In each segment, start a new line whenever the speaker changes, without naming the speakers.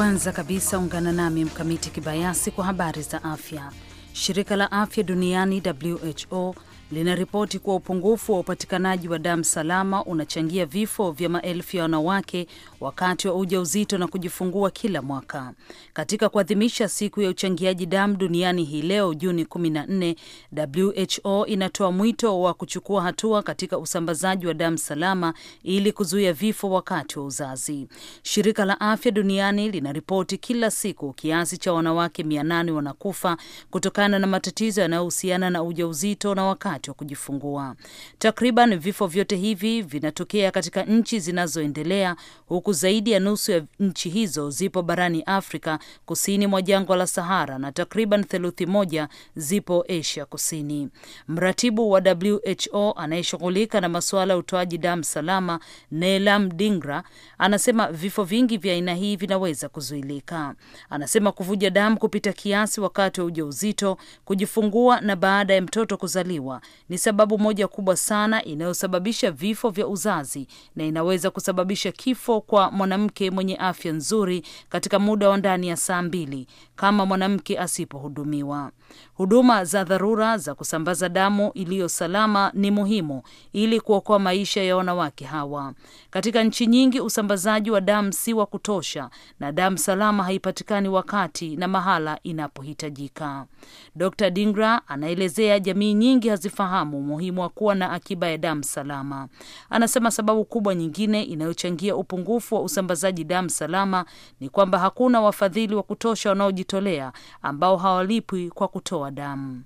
Kwanza kabisa ungana nami Mkamiti Kibayasi kwa habari za afya. Shirika la afya duniani WHO linaripoti kuwa upungufu wa upatikanaji wa damu salama unachangia vifo vya maelfu ya wanawake wakati wa ujauzito na kujifungua kila mwaka. Katika kuadhimisha siku ya uchangiaji damu duniani hii leo Juni 14, WHO inatoa mwito wa kuchukua hatua katika usambazaji wa damu salama ili kuzuia vifo wakati wa uzazi. Shirika la Afya Duniani linaripoti kila siku kiasi cha wanawake 800 wanakufa kutokana na matatizo yanayohusiana na ujauzito na wakati wa kujifungua. Takriban vifo vyote hivi vinatokea katika nchi zinazoendelea huku huku zaidi ya nusu ya nchi hizo zipo barani Afrika kusini mwa jangwa la Sahara na takriban theluthi moja zipo Asia Kusini. Mratibu wa WHO anayeshughulika na masuala ya utoaji damu salama, Neelam Dingra, anasema vifo vingi vya aina hii vinaweza kuzuilika. Anasema kuvuja damu kupita kiasi wakati wa ujauzito, kujifungua na baada ya mtoto kuzaliwa ni sababu moja kubwa sana inayosababisha vifo vya uzazi na inaweza kusababisha kifo kwa kuwa mwanamke mwenye afya nzuri katika muda wa ndani ya saa mbili kama mwanamke asipohudumiwa. Huduma za dharura za kusambaza damu iliyo salama ni muhimu ili kuokoa maisha ya wanawake hawa. Katika nchi nyingi, usambazaji wa damu si wa kutosha na damu salama haipatikani wakati na mahala inapohitajika. Dr. Dingra anaelezea jamii nyingi hazifahamu umuhimu wa kuwa na akiba ya damu salama. Anasema sababu kubwa nyingine inayochangia upungufu wa usambazaji damu salama ni kwamba hakuna wafadhili wa kutosha wanaoji kujitolea ambao hawalipwi kwa kutoa damu.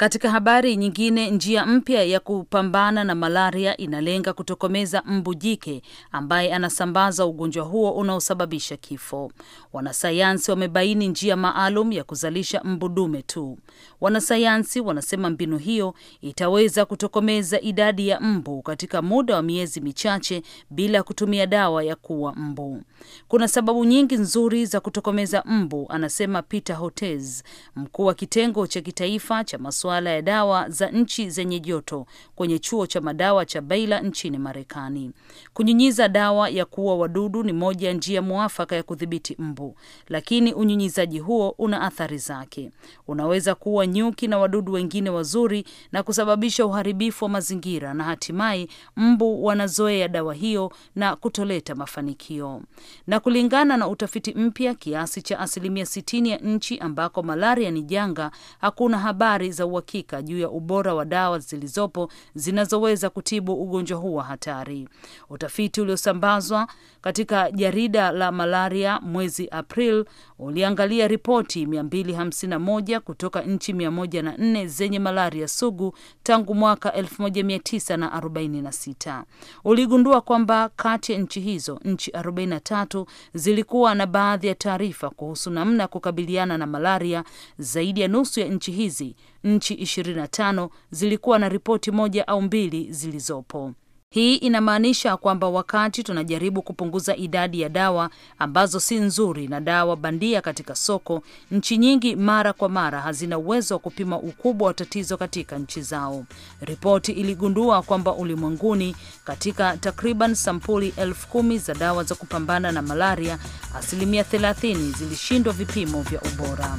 Katika habari nyingine, njia mpya ya kupambana na malaria inalenga kutokomeza mbu jike ambaye anasambaza ugonjwa huo unaosababisha kifo. Wanasayansi wamebaini njia maalum ya kuzalisha mbu dume tu. Wanasayansi wanasema mbinu hiyo itaweza kutokomeza idadi ya mbu katika muda wa miezi michache bila kutumia dawa ya kuua mbu. Kuna sababu nyingi nzuri za kutokomeza mbu, anasema Peter Hotez, mkuu wa kitengo cha kitaifa cha masuala masuala ya dawa za nchi zenye joto kwenye chuo cha madawa cha Baylor nchini Marekani. Kunyunyiza dawa ya kuua wadudu ni moja ya njia mwafaka ya kudhibiti mbu, lakini unyunyizaji huo una athari zake. Unaweza kuua nyuki na wadudu wengine wazuri na kusababisha uharibifu wa mazingira, na hatimaye mbu wanazoea dawa hiyo na kutoleta mafanikio. Na kulingana na utafiti mpya, kiasi cha asilimia 6 ya nchi ambako malaria ni janga hakuna habari za uhakika juu ya ubora wa dawa zilizopo zinazoweza kutibu ugonjwa huu wa hatari. Utafiti uliosambazwa katika jarida la malaria mwezi April uliangalia ripoti 251 kutoka nchi 104 zenye malaria sugu tangu mwaka 1946. Uligundua kwamba kati ya nchi hizo nchi 43 zilikuwa na baadhi ya taarifa kuhusu namna ya kukabiliana na malaria. Zaidi ya nusu ya nchi hizi nchi 25 zilikuwa na ripoti moja au mbili zilizopo. Hii inamaanisha kwamba wakati tunajaribu kupunguza idadi ya dawa ambazo si nzuri na dawa bandia katika soko, nchi nyingi mara kwa mara hazina uwezo wa kupima ukubwa wa tatizo katika nchi zao. Ripoti iligundua kwamba ulimwenguni, katika takriban sampuli elfu kumi za dawa za kupambana na malaria, asilimia 30 zilishindwa vipimo vya ubora.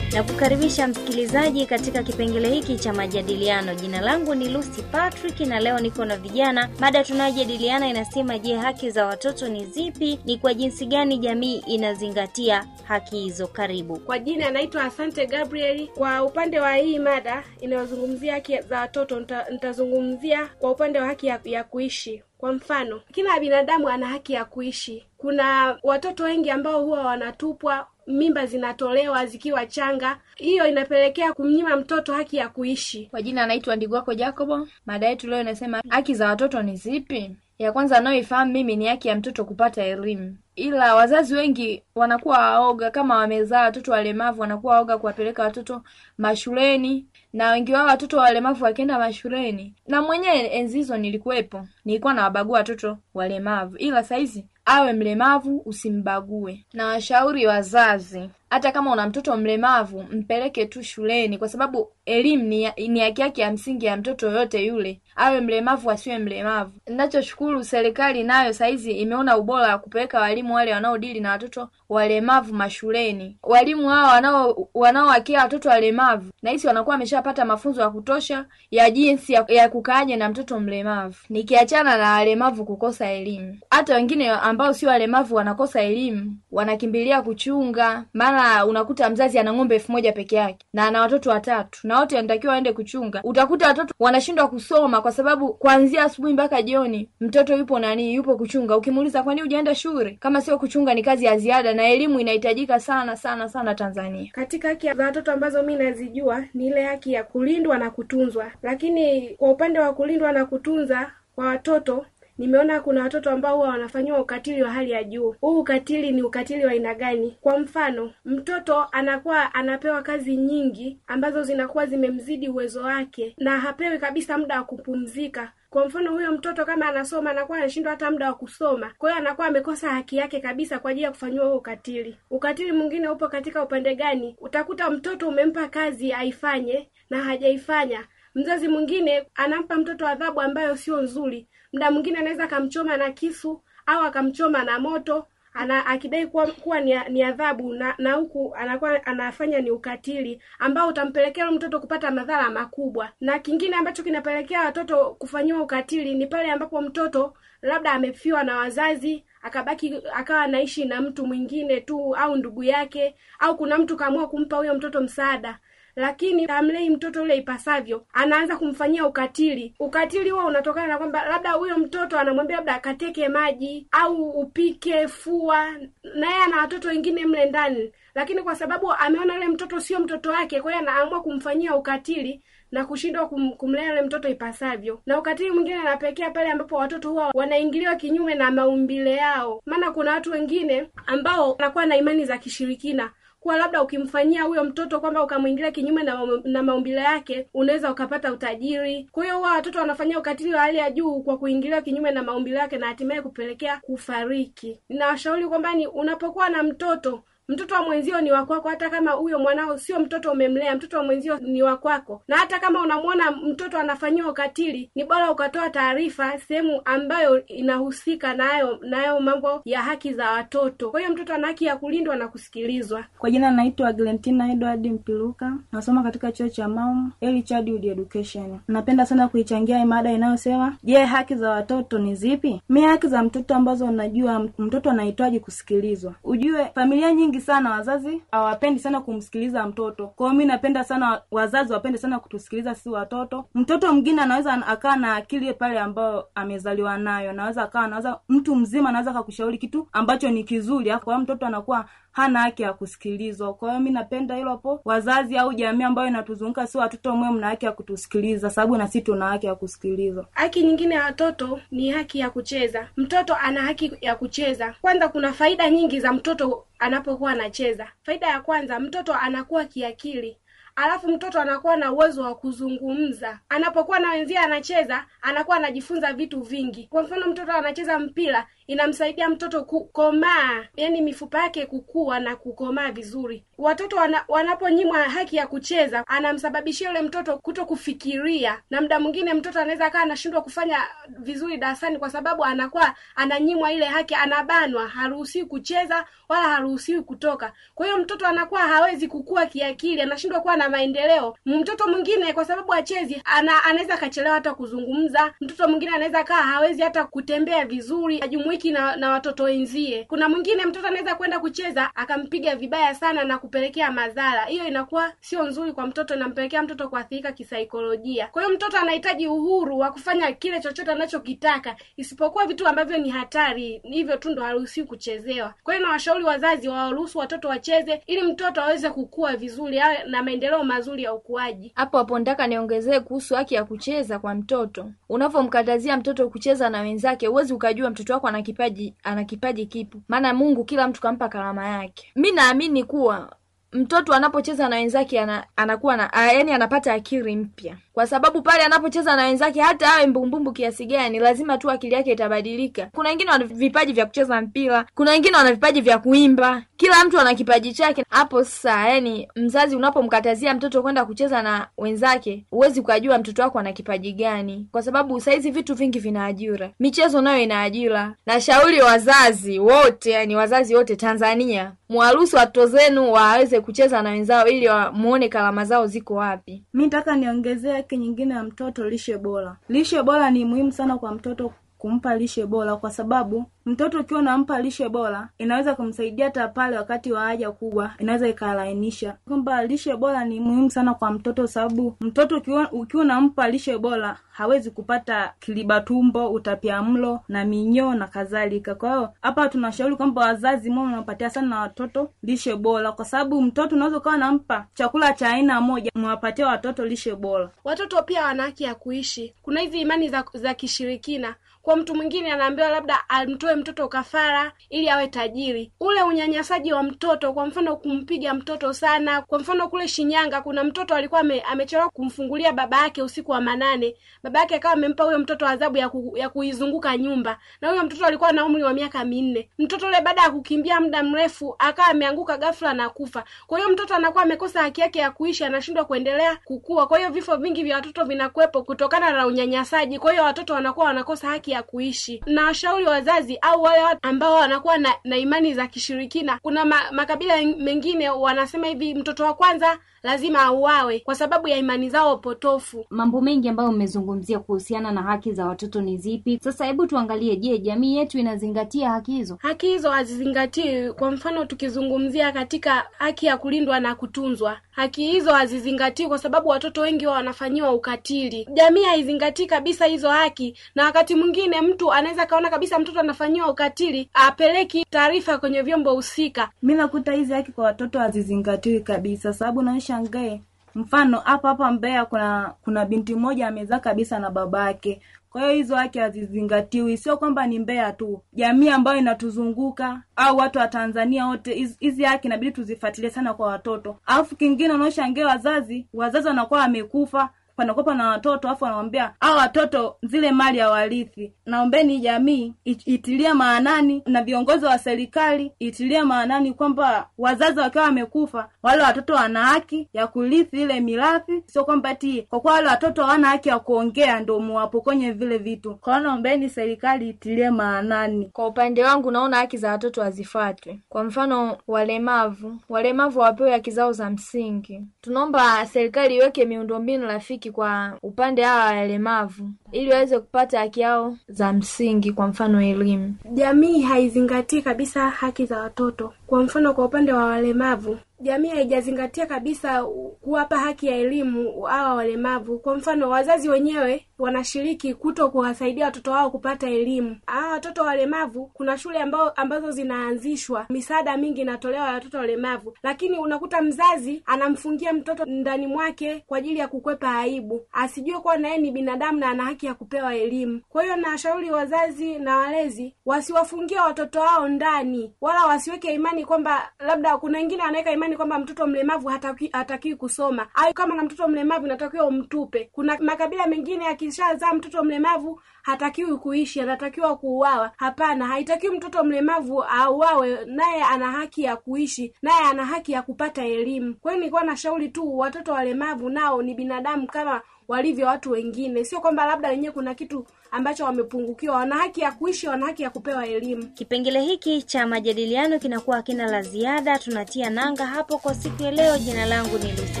na kukaribisha msikilizaji katika kipengele hiki cha majadiliano. Jina langu ni Lucy Patrick na leo niko na vijana. Mada tunayojadiliana inasema, je, haki za watoto ni zipi? Ni kwa jinsi gani jamii inazingatia haki hizo? Karibu.
Kwa jina anaitwa Asante Gabriel. Kwa upande wa hii mada inayozungumzia haki za watoto, nitazungumzia kwa upande wa haki ya, ya kuishi. Kwa mfano, kila binadamu ana haki ya kuishi. Kuna watoto wengi ambao huwa wanatupwa, mimba zinatolewa zikiwa changa. Hiyo inapelekea kumnyima mtoto haki ya kuishi. Kwa jina anaitwa wako Jacobo. Mada
yetu leo inasema haki za watoto ni zipi? Ya kwanza anayoifahamu mimi ni haki ya mtoto kupata elimu ila wazazi wengi wanakuwa waoga, kama wamezaa watoto walemavu wanakuwa waoga kuwapeleka watoto mashuleni, na wengi wao watoto walemavu wakienda mashuleni, na mwenyewe enzi hizo nilikuwepo, nilikuwa nawabagua watoto walemavu, ila saizi awe mlemavu usimbague. Na washauri wazazi, hata kama una mtoto mlemavu, mpeleke tu shuleni, kwa sababu elimu ni haki yake ya msingi ya mtoto yoyote yule awe mlemavu asiwe mlemavu. Ninachoshukuru serikali nayo saizi imeona ubora wa kupeleka walimu wale wanaodili na watoto walemavu mashuleni. Walimu hao wanao wanaowakia watoto walemavu nahisi wanakuwa wameshapata mafunzo ya kutosha ya jinsi ya, ya kukaaje na mtoto mlemavu, nikiachana na walemavu kukosa elimu. Hata wengine ambao sio walemavu wanakosa elimu, wanakimbilia kuchunga. Maana unakuta mzazi ana ng'ombe elfu moja peke yake na ana watoto watatu, na wote wanatakiwa waende kuchunga. Utakuta watoto wanashindwa kusoma kwa sababu kuanzia asubuhi mpaka jioni mtoto yupo nani, yupo kuchunga. Ukimuuliza kwani hujaenda shule, kama sio kuchunga ni kazi ya ziada, na elimu inahitajika sana sana sana Tanzania.
Katika haki za watoto ambazo mi nazijua ni ile haki ya kulindwa na kutunzwa, lakini kwa upande wa kulindwa na kutunza kwa watoto nimeona kuna watoto ambao huwa wanafanyiwa ukatili wa hali ya juu. Huu ukatili ni ukatili wa aina gani? Kwa mfano, mtoto anakuwa anapewa kazi nyingi ambazo zinakuwa zimemzidi uwezo wake na hapewi kabisa muda wa kupumzika. Kwa mfano huyo mtoto kama anasoma anakuwa anashindwa hata muda wa kusoma, kwa hiyo anakuwa amekosa haki yake kabisa kwa ajili ya kufanyiwa huo ukatili. Ukatili mwingine upo katika upande gani? Utakuta mtoto umempa kazi aifanye na hajaifanya. Mzazi mwingine anampa mtoto adhabu ambayo sio nzuri, Mda mwingine anaweza akamchoma na kisu au akamchoma na moto ana, akidai kuwa, kuwa ni adhabu na, na huku anakuwa anafanya ni ukatili ambao utampelekea mtoto kupata madhara makubwa. Na kingine ambacho kinapelekea watoto kufanyiwa ukatili ni pale ambapo mtoto labda amefiwa na wazazi akabaki akawa anaishi na mtu mwingine tu au ndugu yake au kuna mtu kaamua kumpa huyo mtoto msaada lakini tamlei mtoto ule ipasavyo, anaanza kumfanyia ukatili. Ukatili huo unatokana na kwamba labda huyo mtoto anamwambia labda akateke maji au upike, fua, na yeye ana watoto wengine mle ndani, lakini kwa sababu ameona yule mtoto sio mtoto wake, kwa hiyo anaamua kumfanyia ukatili na kushindwa kum, kumlea yule mtoto ipasavyo. Na ukatili mwingine anapekea pale ambapo watoto huwa wanaingiliwa kinyume na maumbile yao, maana kuna watu wengine ambao wanakuwa na imani za kishirikina kuwa labda ukimfanyia huyo mtoto kwamba ukamwingilia kinyume na, na maumbile yake unaweza ukapata utajiri. Kwa hiyo huwa watoto wanafanyia ukatili wa hali ya juu kwa kuingilia kinyume na maumbile yake na hatimaye kupelekea kufariki. Ninawashauri kwamba ni unapokuwa na mtoto Mtoto wa mwenzio ni wakwako hata kama huyo mwanao sio mtoto umemlea. Mtoto wa mwenzio ni wakwako na hata kama unamwona mtoto anafanyiwa ukatili, ni bora ukatoa taarifa sehemu ambayo inahusika nayo nayo mambo ya haki za watoto. Kwa hiyo mtoto ana haki ya kulindwa na kusikilizwa.
Kwa jina naitwa Glentina Edward Mpiluka, nasoma katika chuo cha mam Early Childhood Education. Napenda sana kuichangia mada inayosema je, haki za watoto ni zipi? Mi haki za mtoto ambazo unajua mtoto anahitaji kusikilizwa, ujue familia nyingi nyingi sana wazazi hawapendi sana kumsikiliza mtoto. kwao mi napenda sana wazazi wapende sana kutusikiliza si watoto. Mtoto mwingine anaweza akaa na akili pale ambayo amezaliwa nayo, anaweza akaa, naweza mtu mzima anaweza akakushauri kitu ambacho ni kizuri, kwa mtoto anakuwa hana haki ya kusikilizwa. Kwa hiyo mi napenda hilo po, wazazi au jamii ambayo inatuzunguka, sio watoto mwe mna haki ya kutusikiliza, sababu na sisi tuna haki ya kusikilizwa.
Haki nyingine ya watoto ni haki ya kucheza. Mtoto ana haki ya kucheza. Kwanza kuna faida nyingi za mtoto anapokuwa anacheza. Faida ya kwanza, mtoto anakuwa kiakili Alafu mtoto anakuwa na uwezo wa kuzungumza. Anapokuwa na wenzia anacheza, anakuwa anajifunza vitu vingi. Kwa mfano, mtoto anacheza mpira, inamsaidia mtoto kukomaa, yani mifupa yake kukua na kukomaa vizuri. Watoto wana, wanaponyimwa haki ya kucheza, anamsababishia yule mtoto kuto kufikiria, na muda mwingine mtoto anaweza akawa anashindwa kufanya vizuri darasani kwa sababu anakuwa ananyimwa ile haki, anabanwa, haruhusiwi kucheza wala haruhusiwi kutoka. Kwa hiyo mtoto anakuwa hawezi kukua kiakili, anashindwa kuwa na maendeleo. Mtoto mwingine kwa sababu achezi anaweza akachelewa hata kuzungumza. Mtoto mwingine anaweza kaa hawezi hata kutembea vizuri hajumuiki na, na watoto wenzie. Kuna mwingine mtoto anaweza kwenda kucheza akampiga vibaya sana na kupelekea madhara. Hiyo inakuwa sio nzuri kwa mtoto, inampelekea mtoto kuathirika kisaikolojia. Kwa hiyo mtoto anahitaji uhuru wa kufanya kile chochote anachokitaka, isipokuwa vitu ambavyo ni hatari, hivyo tu ndo haruhusiwi kuchezewa. Kwa hiyo nawashauri wazazi wawaruhusu watoto wacheze, ili mtoto aweze kukua vizuri na maendeleo mazuri ya ukuaji. Hapo hapo ndaka niongezee kuhusu haki ya kucheza kwa mtoto.
Unavyomkatazia mtoto kucheza na wenzake, huwezi ukajua mtoto wako ana kipaji ana kipaji kipo, maana Mungu kila mtu kampa karama yake. Mi naamini kuwa mtoto anapocheza na wenzake ana, anakuwa na, yaani anapata akili mpya kwa sababu pale anapocheza na wenzake, hata awe mbumbumbu kiasi gani, lazima tu akili yake itabadilika. Kuna wengine wana vipaji vya kucheza mpira, kuna wengine wana vipaji vya kuimba. Kila mtu ana kipaji chake. Hapo sasa, yani mzazi unapomkatazia mtoto kwenda kucheza na wenzake, huwezi ukajua mtoto wako ana kipaji gani, kwa sababu saizi vitu vingi vina ajira, michezo nayo ina ajira. Nashauri wazazi wote, yani wazazi wote Tanzania, mwaruhusu watoto zenu waweze kucheza na wenzao, ili wamuone
kalama zao ziko wapi. Mi nataka niongezea yake nyingine ya mtoto lishe bora. Lishe bora ni muhimu sana kwa mtoto kumpa lishe bora, kwa sababu mtoto ukiwa unampa lishe bora inaweza kumsaidia hata pale wakati wa haja kubwa, inaweza ikalainisha kwamba lishe bora ni muhimu sana kwa mtoto, sababu mtoto ukiwa unampa lishe bora hawezi kupata kiliba tumbo, mlo na minyoo na kadhalika. Kwa hiyo hapa tunashauri kwamba wazazi mwa unapatia sana na watoto lishe bora, kwa sababu mtoto unaweza ukawa nampa chakula cha aina moja, mwapatia watoto lishe bora.
Watoto pia wana haki ya kuishi. Kuna hizi imani za, za kishirikina kwa mtu mwingine anaambiwa labda amtoe mtoto kafara ili awe tajiri. Ule unyanyasaji wa mtoto, kwa mfano kumpiga mtoto sana. Kwa mfano kule Shinyanga kuna mtoto alikuwa ame, amechelewa kumfungulia baba yake usiku wa manane, baba yake akawa amempa huyo mtoto adhabu ya, ku, ya kuizunguka nyumba, na huyo mtoto alikuwa na umri wa miaka minne. Mtoto ule baada ya kukimbia muda mrefu akawa ameanguka ghafla na kufa. Kwa hiyo mtoto anakuwa amekosa haki yake ya kuishi, anashindwa kuendelea kukua. Kwa hiyo vifo vingi vya watoto vinakuwepo kutokana na unyanyasaji. Kwa hiyo watoto wanakuwa wanakosa haki ya kuishi. Na washauri wazazi au wale watu ambao wanakuwa na, na imani za kishirikina. Kuna ma, makabila mengine wanasema hivi, mtoto wa kwanza lazima auawe kwa sababu ya imani zao potofu. Mambo mengi ambayo mmezungumzia kuhusiana na haki za watoto ni zipi? Sasa hebu tuangalie, je, jamii yetu inazingatia haki hizo? Haki hizo hazizingatiwi. Kwa mfano, tukizungumzia katika haki ya kulindwa na kutunzwa, haki hizo hazizingatiwi kwa sababu watoto wengi wao wanafanyiwa ukatili. Jamii haizingatii kabisa hizo haki, na wakati mwingine mtu anaweza kaona kabisa mtoto anafanyiwa ukatili, apeleki taarifa kwenye vyombo husika.
Mi nakuta hizi haki kwa watoto hazizingatiwi kabisa, sababu naisha nishangae mfano hapa hapa mbea kuna kuna binti mmoja amezaa kabisa na babake. Kwa hiyo hizo haki hazizingatiwi, sio kwamba ni mbea tu, jamii ambayo inatuzunguka au watu wa Tanzania wote, hizi haki inabidi tuzifuatilie sana kwa watoto. Alafu kingine unaoshangaa, wazazi wazazi wanakuwa wamekufa panakuwa na watoto afu wanawambia aa watoto zile mali ya warithi. Naombeni jamii itilie itilia maanani na viongozi wa serikali itilia maanani kwamba wazazi wakiwa wamekufa, wale watoto wana haki ya kurithi ile mirathi, sio kwamba ti kwa kuwa wale watoto hawana haki ya kuongea ndo muwapokonye vile vitu. Kwa hiyo naombeni serikali itilie maanani. Kwa upande wangu, naona haki za watoto
hazifuatwi. Kwa mfano, walemavu walemavu wapewe haki zao za msingi. Tunaomba serikali iweke miundombinu rafiki haki kwa upande hawa walemavu ili waweze
kupata haki yao za msingi, kwa mfano elimu. Jamii haizingatii kabisa haki za watoto, kwa mfano kwa upande wa walemavu jamii haijazingatia kabisa kuwapa haki ya elimu hawa walemavu. Kwa mfano, wazazi wenyewe wanashiriki kuto kuwasaidia watoto wao kupata elimu. Hawa watoto walemavu, kuna shule ambao, ambazo zinaanzishwa, misaada mingi inatolewa ya watoto walemavu, lakini unakuta mzazi anamfungia mtoto ndani mwake kwa ajili ya kukwepa aibu, asijue kuwa naye ni binadamu na ana haki ya kupewa elimu. Kwa hiyo nawashauri wazazi na walezi wasiwafungie watoto wao ndani, wala wasiweke imani kwamba labda kuna wengine wanaweka imani yani kwamba mtoto mlemavu hataki, hatakiwi kusoma au kama na mtoto mlemavu inatakiwa umtupe. Kuna makabila mengine akishazaa mtoto mlemavu hatakiwi kuishi, anatakiwa kuuawa. Hapana, haitakiwi mtoto mlemavu auawe, naye ana haki ya kuishi, naye ana haki ya kupata elimu. Kwa hiyo nilikuwa na shauri tu watoto walemavu nao ni binadamu kama walivyo watu wengine, sio kwamba labda wenyewe kuna kitu ambacho wamepungukiwa. Wana haki ya kuishi, wana haki ya kupewa elimu.
Kipengele hiki cha majadiliano kinakuwa hakina la ziada, tunatia nanga hapo kwa siku ya leo. Jina langu ni Lucy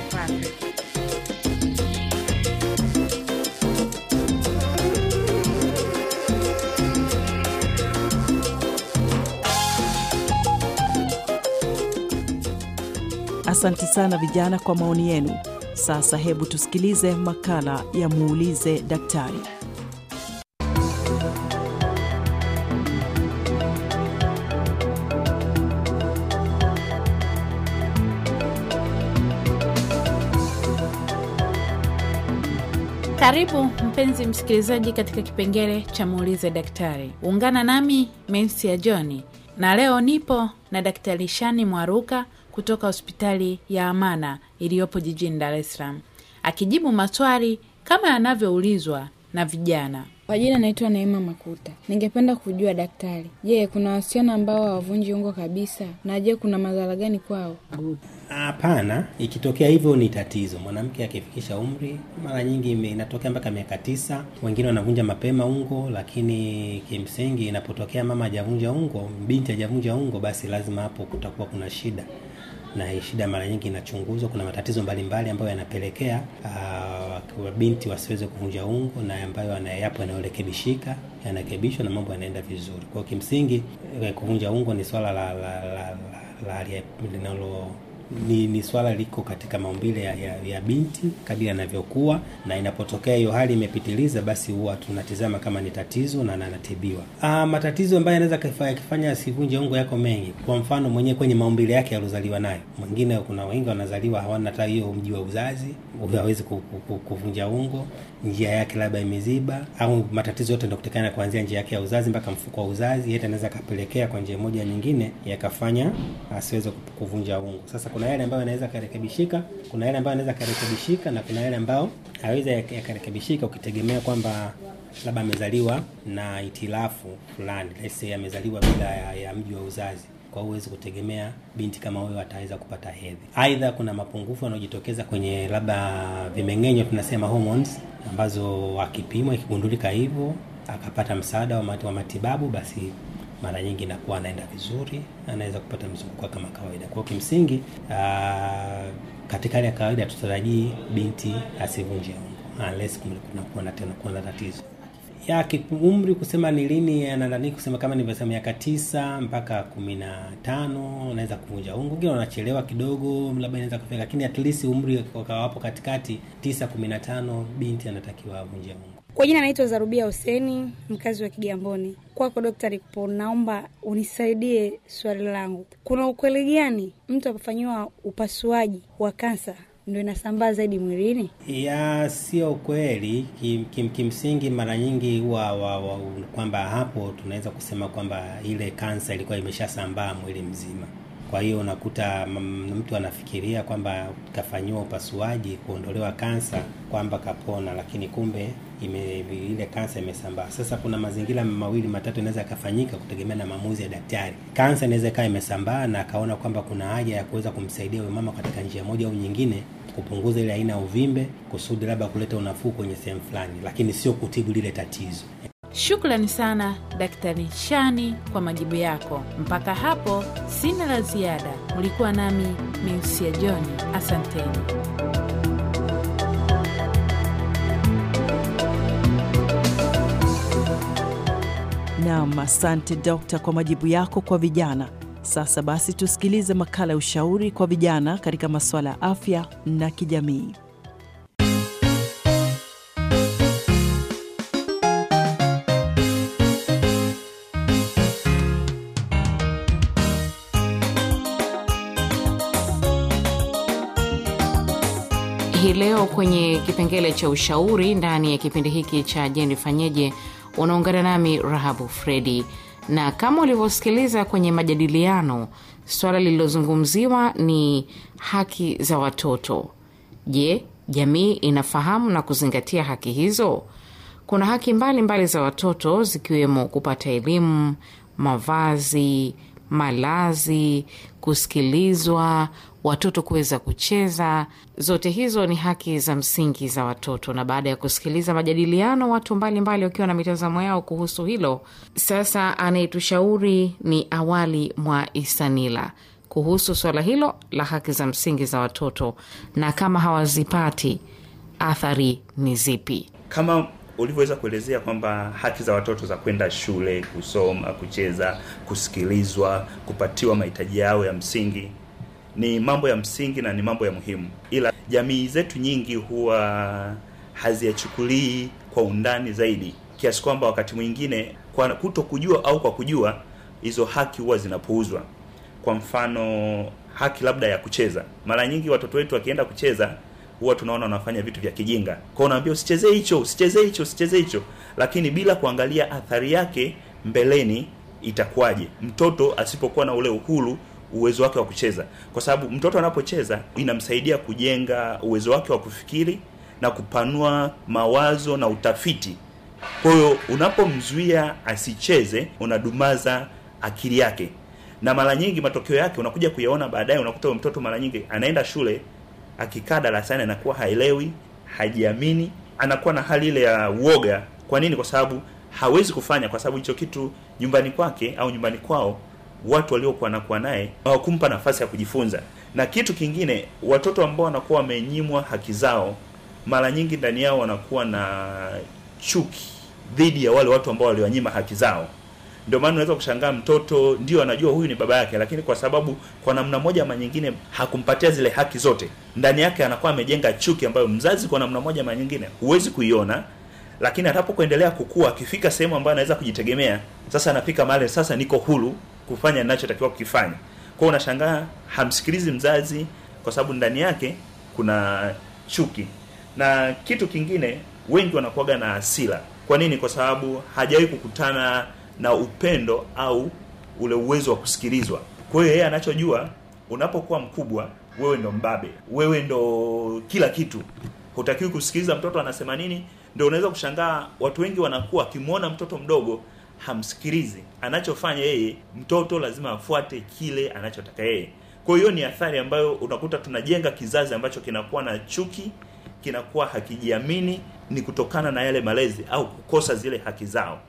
Patrick.
Asante sana vijana kwa maoni yenu sasa hebu tusikilize makala ya Muulize Daktari.
Karibu mpenzi msikilizaji, katika kipengele cha muulize daktari. Ungana nami mensia Johni, na leo nipo na Daktari Shani Mwaruka kutoka hospitali ya Amana iliyopo jijini Dar es Salaam, akijibu maswali kama yanavyoulizwa na vijana.
Kwa jina naitwa Neema Makuta. Ningependa kujua daktari, je, kuna wasichana ambao hawavunji ungo kabisa, na je, kuna madhara gani kwao?
Hapana, ikitokea hivyo ni tatizo. Mwanamke akifikisha umri, mara nyingi inatokea mpaka miaka tisa, wengine wanavunja mapema ungo. Lakini kimsingi, inapotokea mama hajavunja ungo, binti hajavunja ungo, basi lazima hapo kutakuwa kuna shida na hii shida mara nyingi inachunguzwa. Kuna matatizo mbalimbali ambayo yanapelekea uh, binti wasiweze kuvunja ungo na ambayo yapo yanayorekebishika, yanarekebishwa na mambo yanaenda vizuri. Kwa kimsingi, kuvunja ungo ni swala la, la, la, la, la la, ni, ni swala liko katika maumbile ya, ya, ya binti kadiri anavyokuwa, na inapotokea hiyo hali imepitiliza, basi huwa tunatizama kama ni tatizo na anatibiwa. Ah, matatizo ambayo yanaweza yakifanya asivunje ungo yako mengi. Kwa mfano mwenyewe kwenye maumbile yake yaliozaliwa nayo, mwingine, kuna wengi wanazaliwa hawana hata hiyo mji wa uzazi, hawezi kuvunja ungo njia yake labda imeziba au matatizo yote ndo kutokana kuanzia njia yake ya uzazi mpaka mfuko wa uzazi, yeye anaweza kapelekea kwa njia moja nyingine yakafanya asiweze kuvunja ungu Sasa kuna yale ambayo anaweza karekebishika, kuna yale ambayo anaweza karekebishika na kuna yale ambayo hawezi yakarekebishika, ukitegemea kwamba labda amezaliwa na itilafu fulani, let's say amezaliwa bila ya, ya mji wa uzazi kwa huwezi kutegemea binti kama huyo ataweza kupata hedhi. Aidha, kuna mapungufu yanayojitokeza kwenye labda vimeng'enyo, tunasema hormones, ambazo akipimwa ikigundulika hivyo akapata msaada wa matibabu, basi mara nyingi inakuwa anaenda vizuri, anaweza kupata mzunguko kama kawaida. Kwa kimsingi, katika hali ya kawaida tutarajii binti asivunje ungo unless kuona tena kuna tatizo yake umri kusema ni lini anadhani kusema kama nilivyosema miaka tisa mpaka kumi na tano unaweza kuvunja ungu wengine wanachelewa kidogo labda inaweza kufika lakini at least umri wakawapo katikati tisa kumi na tano binti anatakiwa avunje ungu
kwa jina naitwa Zarubia Huseni, mkazi wa Kigamboni. Kwako Daktari Kupo, naomba unisaidie swali langu. Kuna ukweli gani mtu akufanyiwa upasuaji wa kansa ndo
inasambaa zaidi mwilini?
Ya, sio kweli. Kim, kim, kimsingi mara nyingi huwa kwamba hapo tunaweza kusema kwamba ile kansa ilikuwa imeshasambaa mwili mzima. Kwa hiyo unakuta mtu anafikiria kwamba kafanyiwa upasuaji kuondolewa kansa kwamba kapona, lakini kumbe ime, ile kansa imesambaa. Sasa kuna mazingira mawili matatu inaweza yakafanyika kutegemea na maamuzi ya daktari. Kansa inaweza ikawa imesambaa na akaona kwamba kuna haja ya kuweza kumsaidia huyo mama katika njia moja au nyingine kupunguza ile aina ya uvimbe kusudi labda kuleta unafuu kwenye sehemu fulani, lakini sio kutibu lile tatizo.
Shukrani sana Daktari Shani kwa majibu yako. Mpaka hapo sina la ziada. Mlikuwa nami Miusia Joni, asanteni.
Nam, asante dokta kwa majibu yako kwa vijana. Sasa basi tusikilize makala ya ushauri kwa vijana katika masuala ya afya na kijamii.
Hii leo kwenye kipengele cha ushauri ndani ya kipindi hiki cha Je, unaungana nami Rahabu Fredi, na kama ulivyosikiliza kwenye majadiliano, swala lililozungumziwa ni haki za watoto. Je, jamii inafahamu na kuzingatia haki hizo? Kuna haki mbalimbali mbali za watoto zikiwemo kupata elimu, mavazi, malazi, kusikilizwa, watoto kuweza kucheza. Zote hizo ni haki za msingi za watoto. Na baada ya kusikiliza majadiliano, watu mbalimbali wakiwa na mitazamo yao kuhusu hilo, sasa anayetushauri ni Awali Mwa Isanila kuhusu suala hilo la haki za msingi za watoto, na kama hawazipati athari ni zipi, kama
ulivyoweza kuelezea kwamba haki za watoto za kwenda shule, kusoma, kucheza, kusikilizwa, kupatiwa mahitaji yao ya msingi ni mambo ya msingi na ni mambo ya muhimu, ila jamii zetu nyingi huwa haziyachukulii kwa undani zaidi, kiasi kwamba wakati mwingine kwa kuto kujua au kwa kujua hizo haki huwa zinapuuzwa. Kwa mfano, haki labda ya kucheza. Mara nyingi watoto wetu wakienda kucheza huwa tunaona wanafanya vitu vya kijinga, kwa unaambia usichezee hicho, usichezee hicho, usichezee hicho, lakini bila kuangalia athari yake mbeleni itakuwaje. Mtoto asipokuwa na ule uhuru uwezo wake wa kucheza, kwa sababu mtoto anapocheza inamsaidia kujenga uwezo wake wa kufikiri na kupanua mawazo na utafiti. Kwa hiyo unapomzuia asicheze, unadumaza akili yake, na mara nyingi matokeo yake unakuja kuyaona baadaye. Unakuta mtoto mara nyingi anaenda shule, akikaa darasani anakuwa haelewi, hajiamini, anakuwa na hali ile ya uoga. Kwa nini? Kwa sababu hawezi kufanya, kwa sababu hicho kitu nyumbani kwake au nyumbani kwao watu waliokuwa nakuwa naye hawakumpa nafasi ya kujifunza. Na kitu kingine, watoto ambao wanakuwa wamenyimwa haki zao, mara nyingi ndani yao wanakuwa na chuki dhidi ya wale watu ambao waliwanyima haki zao. Ndio maana unaweza kushangaa mtoto ndio anajua huyu ni baba yake, lakini kwa sababu kwa namna moja ama nyingine hakumpatia zile haki zote, ndani yake anakuwa amejenga chuki ambayo mzazi kwa namna moja ama nyingine huwezi kuiona, lakini atapokuendelea kukua, akifika sehemu ambayo anaweza kujitegemea, sasa anafika mahali sasa niko hulu kufanya ninachotakiwa kukifanya. Kwa unashangaa hamsikilizi mzazi kwa sababu ndani yake kuna chuki. Na kitu kingine wengi wanakuaga na asila Kwa nini? Kwa sababu hajawahi kukutana na upendo au ule uwezo wa kusikilizwa. Kwa hiyo yeye anachojua, unapokuwa mkubwa wewe ndo mbabe, wewe ndo kila kitu, hutakiwi kusikiliza mtoto anasema nini. Ndio unaweza kushangaa watu wengi wanakuwa wakimwona mtoto mdogo hamsikilizi. Anachofanya yeye, mtoto lazima afuate kile anachotaka yeye. Kwa hiyo ni athari ambayo unakuta tunajenga kizazi ambacho kinakuwa na chuki, kinakuwa hakijiamini, ni kutokana na yale malezi au kukosa zile haki zao.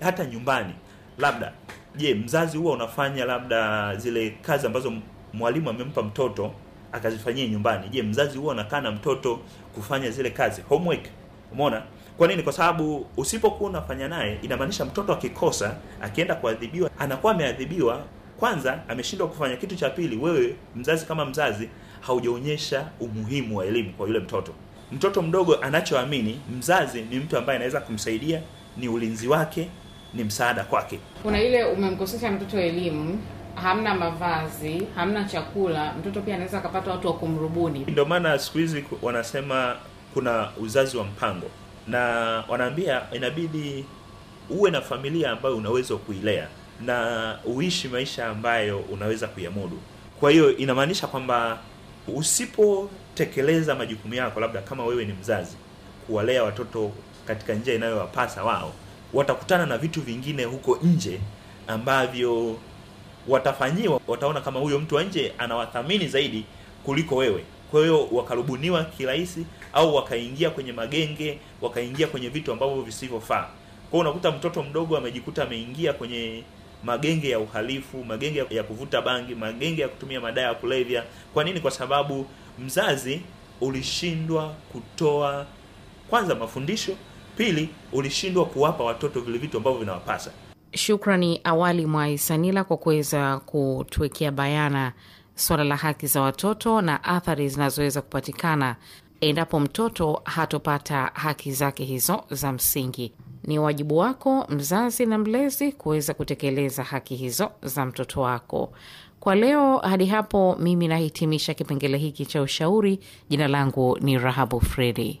Hata nyumbani labda, je, mzazi huwa unafanya labda zile kazi ambazo mwalimu amempa mtoto akazifanyia nyumbani? Je, mzazi huwa anakaa na mtoto kufanya zile kazi homework? Umeona? Kwa nini? Kwa sababu usipokuwa unafanya naye, inamaanisha mtoto akikosa, akienda kuadhibiwa, anakuwa ameadhibiwa kwanza ameshindwa kufanya kitu. Cha pili, wewe mzazi kama mzazi haujaonyesha umuhimu wa elimu kwa yule mtoto. Mtoto mdogo anachoamini mzazi ni mtu ambaye anaweza kumsaidia, ni ulinzi wake, ni msaada kwake.
Kuna ile umemkosesha mtoto elimu, hamna mavazi, hamna chakula, mtoto pia anaweza akapata watu wa kumrubuni.
Ndio maana siku hizi wanasema kuna uzazi wa mpango na wanaambia inabidi uwe na familia ambayo unaweza kuilea na uishi maisha ambayo unaweza kuyamudu. Kwa hiyo inamaanisha kwamba usipotekeleza majukumu yako, labda kama wewe ni mzazi, kuwalea watoto katika njia inayowapasa wao, watakutana na vitu vingine huko nje ambavyo watafanyiwa, wataona kama huyo mtu wa nje anawathamini zaidi kuliko wewe. Kwa hiyo wakarubuniwa kirahisi au wakaingia kwenye magenge, wakaingia kwenye vitu ambavyo visivyofaa. Kwa unakuta mtoto mdogo amejikuta ameingia kwenye magenge ya uhalifu, magenge ya kuvuta bangi, magenge ya kutumia madawa ya kulevya. Kwa nini? Kwa sababu mzazi ulishindwa kutoa kwanza mafundisho, pili ulishindwa kuwapa watoto vile vitu ambavyo vinawapasa.
Shukrani awali mwa Isanila kwa kuweza kutuwekea bayana suala la haki za watoto na athari zinazoweza kupatikana endapo mtoto hatopata haki zake hizo za msingi. Ni wajibu wako mzazi na mlezi kuweza kutekeleza haki hizo za mtoto wako. Kwa leo hadi hapo, mimi nahitimisha kipengele hiki cha ushauri. Jina langu ni Rahabu Fredi.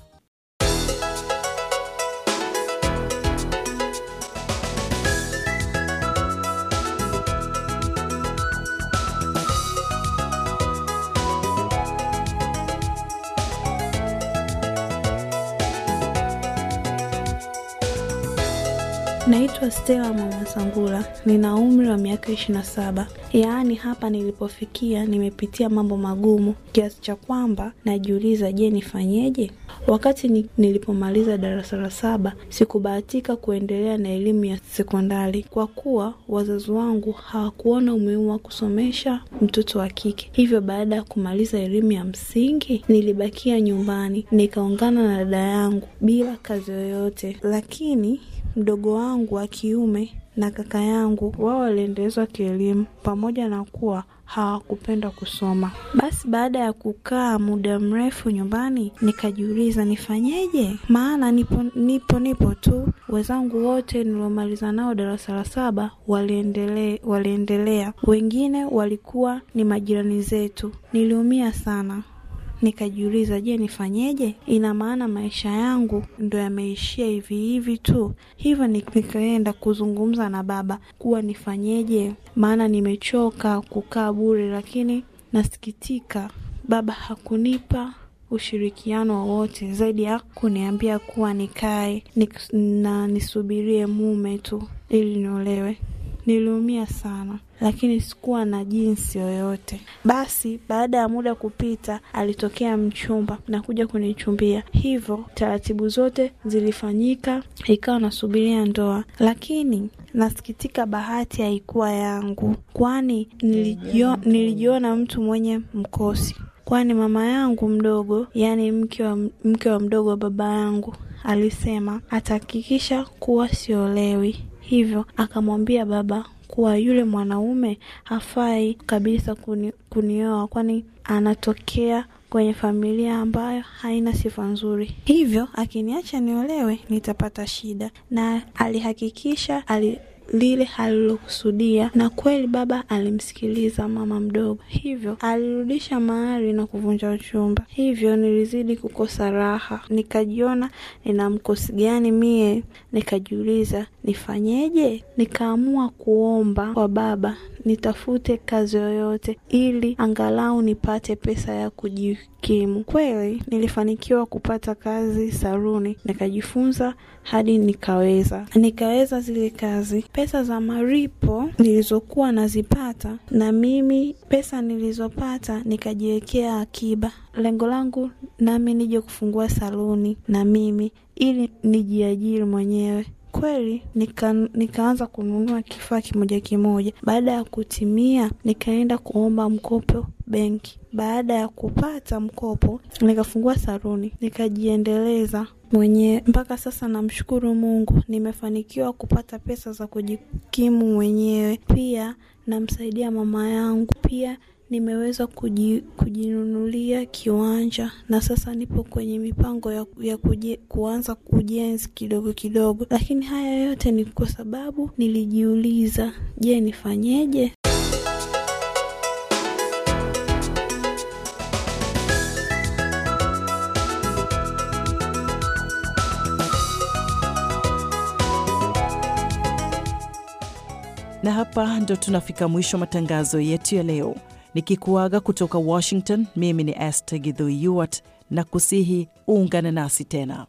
Naitwa Stella Mwamasangula, nina umri wa miaka ishirini na saba. Yaani hapa nilipofikia nimepitia mambo magumu kiasi cha kwamba najiuliza, je, nifanyeje? Wakati nilipomaliza darasa la saba sikubahatika kuendelea na elimu ya sekondari kwa kuwa wazazi wangu hawakuona umuhimu wa kusomesha mtoto wa kike. Hivyo baada ya kumaliza elimu ya msingi nilibakia nyumbani nikaungana na dada yangu bila kazi yoyote, lakini mdogo wangu wa kiume na kaka yangu wao waliendelezwa kielimu pamoja na kuwa hawakupenda kusoma. Basi baada ya kukaa muda mrefu nyumbani, nikajiuliza nifanyeje, maana nipo nipo nipo tu. Wenzangu wote niliomaliza nao darasa la saba waliendele, waliendelea, wengine walikuwa ni majirani zetu. Niliumia sana. Nikajiuliza, je, nifanyeje? Ina maana maisha yangu ndo yameishia hivi hivi tu? Hivyo nikaenda kuzungumza na baba kuwa nifanyeje, maana nimechoka kukaa bure, lakini nasikitika baba hakunipa ushirikiano wowote zaidi ya kuniambia kuwa nikae na nisubirie mume tu ili niolewe. Niliumia sana, lakini sikuwa na jinsi yoyote. Basi baada ya muda kupita, alitokea mchumba na kuja kunichumbia, hivyo taratibu zote zilifanyika, ikawa nasubiria ndoa, lakini nasikitika, bahati haikuwa yangu, kwani nilijio, nilijiona mtu mwenye mkosi kwani mama yangu mdogo, yaani mke wa, mke wa mdogo wa baba yangu alisema atahakikisha kuwa siolewi. Hivyo akamwambia baba kuwa yule mwanaume hafai kabisa kuni, kunioa kwani anatokea kwenye familia ambayo haina sifa nzuri, hivyo akiniacha niolewe nitapata shida. Na alihakikisha ali lile alilokusudia, na kweli baba alimsikiliza mama mdogo, hivyo alirudisha mahari na kuvunja uchumba. Hivyo nilizidi kukosa raha, nikajiona nina mkosi gani mie, nikajiuliza nifanyeje. Nikaamua kuomba kwa baba nitafute kazi yoyote, ili angalau nipate pesa ya kuji kujikimu. Kweli nilifanikiwa kupata kazi saluni, nikajifunza hadi nikaweza nikaweza zile kazi. Pesa za maripo nilizokuwa nazipata, na mimi pesa nilizopata nikajiwekea akiba. Lengo langu nami nije kufungua saluni na mimi, ili nijiajiri mwenyewe. Kweli nika, nikaanza kununua kifaa kimoja kimoja. Baada ya kutimia, nikaenda kuomba mkopo benki. Baada ya kupata mkopo, nikafungua saruni nikajiendeleza mwenyewe mpaka sasa. Namshukuru Mungu, nimefanikiwa kupata pesa za kujikimu mwenyewe. Pia namsaidia mama yangu pia Nimeweza kujinunulia kiwanja na sasa nipo kwenye mipango ya, ya kuje, kuanza ujenzi kidogo kidogo, lakini haya yote ni kwa sababu nilijiuliza, je, nifanyeje?
Na hapa ndo tunafika mwisho matangazo yetu ya leo nikikuaga kutoka Washington. Mimi ni Esther Githui Yuwat na kusihi uungane nasi tena.